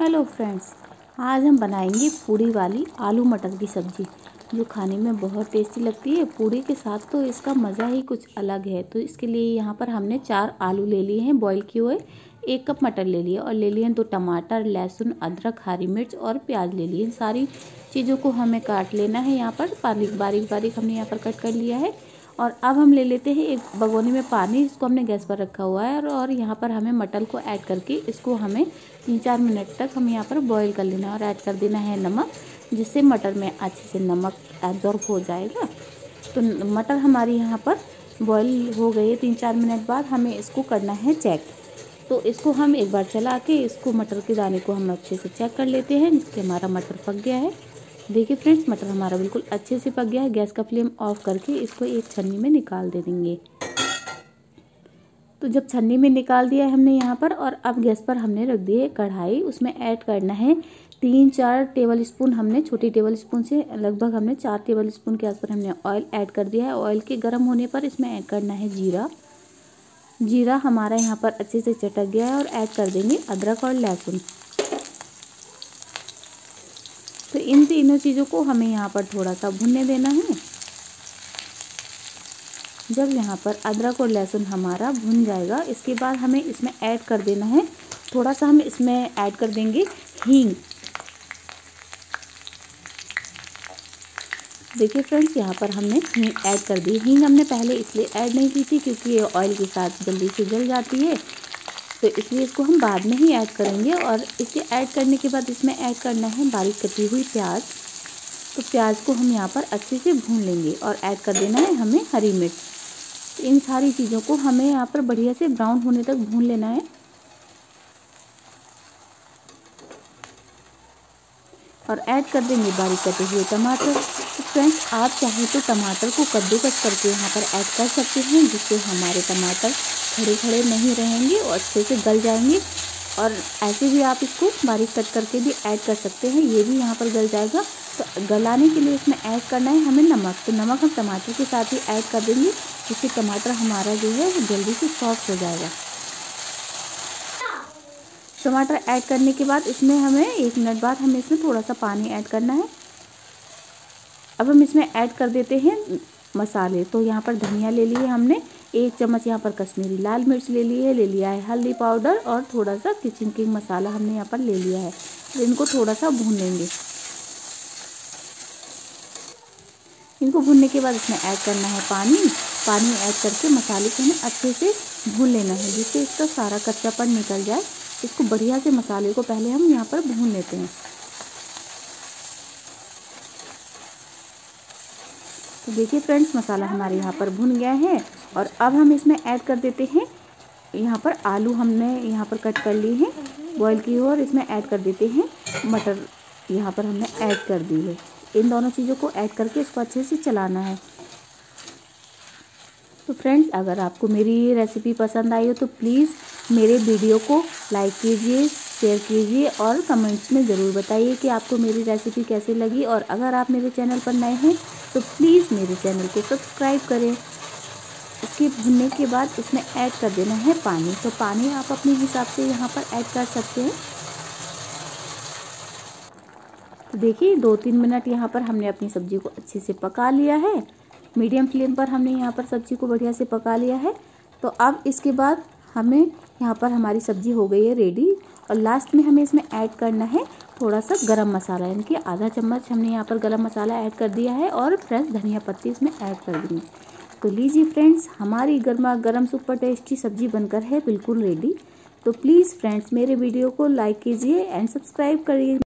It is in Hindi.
हेलो फ्रेंड्स आज हम बनाएंगे पूड़ी वाली आलू मटर की सब्ज़ी जो खाने में बहुत टेस्टी लगती है पूड़ी के साथ तो इसका मज़ा ही कुछ अलग है तो इसके लिए यहाँ पर हमने चार आलू ले लिए हैं बॉईल किए हुए एक कप मटर ले लिए और ले लिए हैं दो टमाटर लहसुन अदरक हरी मिर्च और प्याज ले लिए सारी चीज़ों को हमें काट लेना है यहाँ पर बारीक बारीक बारीक हमने यहाँ पर कट कर लिया है और अब हम ले लेते हैं एक भगोने में पानी इसको हमने गैस पर रखा हुआ है और यहाँ पर हमें मटर को ऐड करके इसको हमें तीन चार मिनट तक हम यहाँ पर बॉईल कर लेना है और ऐड कर देना है नमक जिससे मटर में अच्छे से नमक एब्जॉर्ब हो जाएगा तो मटर हमारी यहाँ पर बॉईल हो गई है तीन चार मिनट बाद हमें इसको करना है चेक तो इसको हम एक बार चला के इसको मटर के दाने को हम अच्छे से चेक कर लेते हैं जिससे हमारा मटर पक गया है देखिए फ्रेंड्स मटर हमारा बिल्कुल अच्छे से पक गया है गैस का फ्लेम ऑफ करके इसको एक छन्नी में निकाल दे देंगे तो जब छन्नी में निकाल दिया है हमने यहाँ पर और अब गैस पर हमने रख दिए कढ़ाई उसमें ऐड करना है तीन चार टेबल स्पून हमने छोटी टेबल स्पून से लगभग हमने चार टेबल स्पून के आसपास हमने ऑयल ऐड कर दिया है ऑयल के गर्म होने पर इसमें ऐड करना है जीरा जीरा हमारा यहाँ पर अच्छे से चटक गया है और ऐड कर देंगे अदरक और लहसुन तो इन तीनों चीज़ों को हमें यहाँ पर थोड़ा सा भुनने देना है जब यहाँ पर अदरक और लहसुन हमारा भुन जाएगा इसके बाद हमें इसमें ऐड कर देना है थोड़ा सा हम इसमें ऐड कर देंगे हींग देखिए फ्रेंड्स यहाँ पर हमने हींग ऐड कर दी हींग हमने पहले इसलिए ऐड नहीं की थी क्योंकि ये ऑयल के साथ जल्दी से जल जाती है तो इसलिए इसको हम बाद में ही ऐड करेंगे और इसे ऐड करने के बाद इसमें ऐड करना है बारीक कटी हुई प्याज तो प्याज को हम यहाँ पर अच्छे से भून लेंगे और ऐड कर देना है हमें हरी मिर्च इन सारी चीज़ों को हमें यहाँ पर बढ़िया से ब्राउन होने तक भून लेना है और ऐड कर देंगे बारीक कटे हुए टमाटर तो फ्रेंड्स आप चाहें तो टमाटर को कद्दूकस करके यहाँ पर ऐड कर सकते हैं जिससे हमारे टमाटर खड़े खड़े नहीं रहेंगे और अच्छे से गल जाएंगे और ऐसे भी आप इसको बारीक कट करके भी ऐड कर सकते हैं ये भी यहाँ पर गल जाएगा तो गलाने के लिए इसमें ऐड करना है हमें नमक तो नमक हम टमाटर के साथ ही ऐड कर देंगे जिससे टमाटर हमारा जो है वो जल्दी से सॉफ्ट हो जाएगा टमाटर ऐड करने के बाद इसमें हमें एक मिनट बाद हमें इसमें थोड़ा सा पानी ऐड करना है अब हम इसमें ऐड कर देते हैं मसाले तो यहाँ पर धनिया ले लिए हमने एक चम्मच यहाँ पर कश्मीरी लाल मिर्च ले ली है ले लिया है हल्दी पाउडर और थोड़ा सा किचन किंग मसाला हमने यहाँ पर ले लिया है तो इनको थोड़ा सा भून लेंगे इनको भूनने के बाद इसमें ऐड करना है पानी पानी ऐड करके मसाले को हमें अच्छे से भून लेना है जिससे इसका सारा कच्चापन निकल जाए इसको बढ़िया से मसाले को पहले हम यहाँ पर भून लेते हैं तो देखिए फ्रेंड्स मसाला हमारे यहाँ पर भुन गया है और अब हम इसमें ऐड कर देते हैं यहाँ पर आलू हमने यहाँ पर कट कर लिए हैं बॉईल की और इसमें ऐड कर देते हैं मटर यहाँ पर हमने ऐड कर दी है इन दोनों चीज़ों को ऐड करके इसको अच्छे से चलाना है तो फ्रेंड्स अगर आपको मेरी ये रेसिपी पसंद आई हो तो प्लीज़ मेरे वीडियो को लाइक कीजिए शेयर कीजिए और कमेंट्स में ज़रूर बताइए कि आपको मेरी रेसिपी कैसे लगी और अगर आप मेरे चैनल पर नए हैं तो प्लीज़ मेरे चैनल को सब्सक्राइब करें इसके भुनने के बाद इसमें ऐड कर देना है पानी तो पानी आप अपने हिसाब से यहाँ पर ऐड कर सकते हैं तो देखिए दो तीन मिनट यहाँ पर हमने अपनी सब्ज़ी को अच्छे से पका लिया है मीडियम फ्लेम पर हमने यहाँ पर सब्ज़ी को बढ़िया से पका लिया है तो अब इसके बाद हमें यहाँ पर हमारी सब्ज़ी हो गई है रेडी और लास्ट में हमें इसमें ऐड करना है थोड़ा सा गरम मसाला यानी कि आधा चम्मच हमने यहाँ पर गरम मसाला ऐड कर दिया है और फ्रेश धनिया पत्ती इसमें ऐड कर है तो लीजिए फ्रेंड्स हमारी गर्मा गर्म सुपर टेस्टी सब्जी बनकर है बिल्कुल रेडी तो प्लीज़ फ्रेंड्स मेरे वीडियो को लाइक कीजिए एंड सब्सक्राइब करिए